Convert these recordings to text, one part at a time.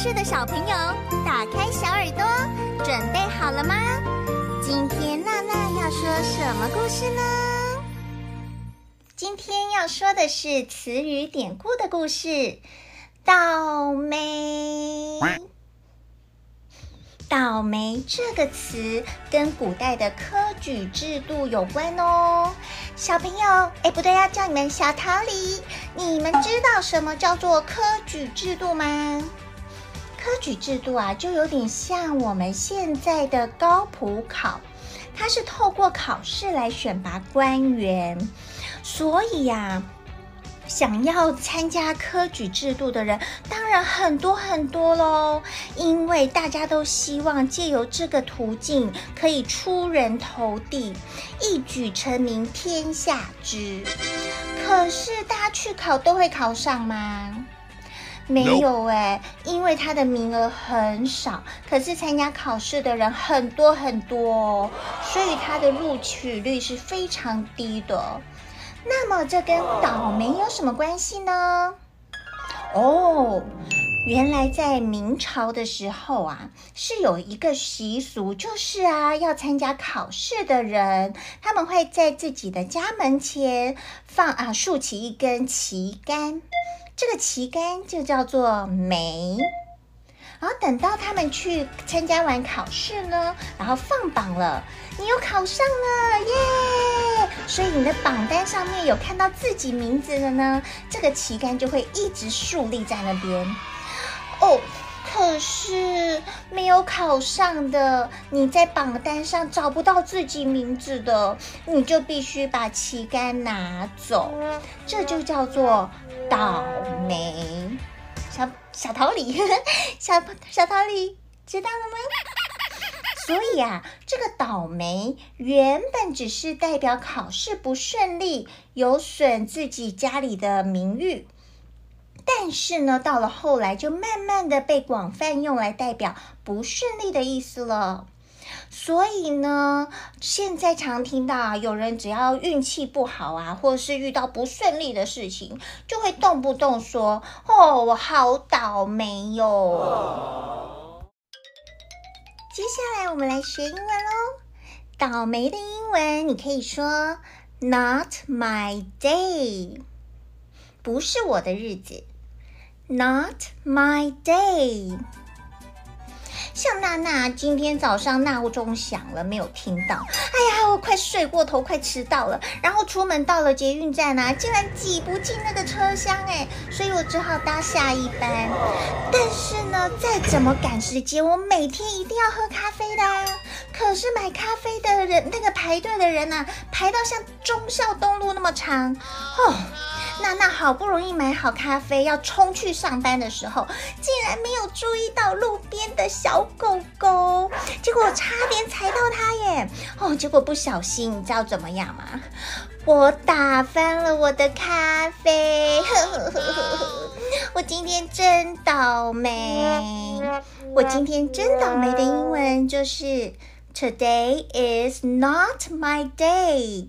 是的小朋友，打開小耳朵，準備好了嗎？今天娜娜要說什麼故事呢？今天要說的是詞語典故的故事。倒楣，倒楣這個詞跟古代的科舉制度有關哦。小朋友，誒，不對，要叫你們小桃李。你們知道什麼叫做科舉制度嗎？科舉制度啊，就有點像我們現在的高普考，它是透過考試來選拔官員，所以呀、啊，想要參加科舉制度的人，當然很多很多嘍，因為大家都希望借由這個途徑可以出人頭地，一舉成名天下知。可是大家去考都會考上嗎？沒有誒，因為他的名額很少，可是參加考試的人很多很多，所以他的錄取率是非常低的。那麼這跟倒霉有什麼關係呢？哦，原來在明朝的時候啊，是有一個習俗，就是啊，要參加考試的人，他們會在自己的家門前放啊，豎起一根旗杆。這個旗杆就叫做楣，然後等到他們去參加完考試呢，然後放榜了，你又考上了耶！所以你的榜單上面有看到自己名字的呢，這個旗杆就會一直豎立在那邊。哦，可是沒有考上的，你在榜單上找不到自己名字的，你就必須把旗杆拿走，這就叫做。倒楣。小小桃李，小小桃李，知道了嗎？所以啊，這個倒楣原本只是代表考試不順利，有損自己家裡的名譽，但是呢，到了後來就慢慢的被廣泛用來代表不順利的意思了。所以呢，現在常聽到啊，有人只要運氣不好啊，或是遇到不順利的事情，就會動不動說：“哦，我好倒霉喲哦。”接下來我們來學英文嘍。倒霉的英文你可以說 “Not my day”，不是我的日子。Not my day。像娜娜今天早上鬧鐘響了，沒有聽到，哎呀，我快睡過頭，快遲到了。然後出門到了捷運站呢、啊，竟然擠不進那個車廂，哎，所以我只好搭下一班。但是呢，再怎麼趕時間，我每天一定要喝咖啡的、啊。可是買咖啡的人，那個排隊的人呢、啊，排到像忠孝東路那麼長，哦。娜娜好不容易買好咖啡，要衝去上班的時候，竟然沒有注意到路邊的小狗狗，結果我差點踩到它耶！哦，結果不小心，你知道怎麼樣嗎？我打翻了我的咖啡， 我今天真倒楣。我今天真倒楣的英文就是 “Today is not my day”。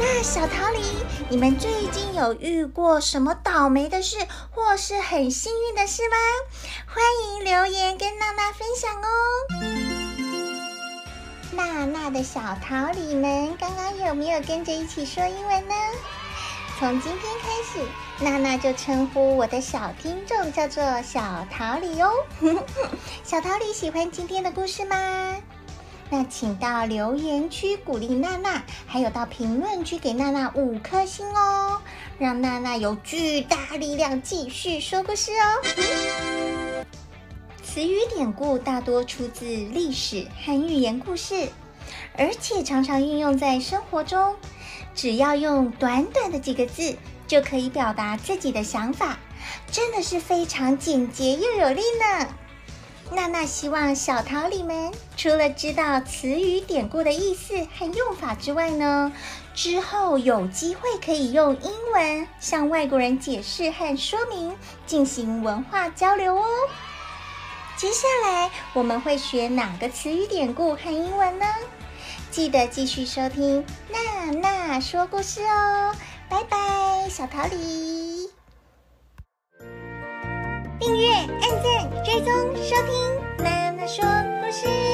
那小桃李，你們最近有遇過什麼倒霉的事，或是很幸運的事嗎？歡迎留言跟娜娜分享哦。娜娜的小桃李們，剛剛有沒有跟着一起說英文呢？從今天開始，娜娜就稱呼我的小聽眾叫做小桃李哦。小桃李喜歡今天的故事嗎？那請到留言區鼓勵娜娜，還有到評論區給娜娜五顆星哦，讓娜娜有巨大力量繼續說故事哦。詞語典故大多出自歷史和寓言故事，而且常常運用在生活中。只要用短短的幾個字就可以表達自己的想法，真的是非常簡潔又有力呢。娜娜希望小桃李們除了知道詞語典故的意思和用法之外呢，之後有機會可以用英文向外國人解釋和說明，進行文化交流哦。接下來我們會學哪個詞語典故和英文呢？記得繼續收聽娜娜說故事哦，拜拜，小桃李。訂閱、按讚、追蹤、收聽，NaNa 說故事。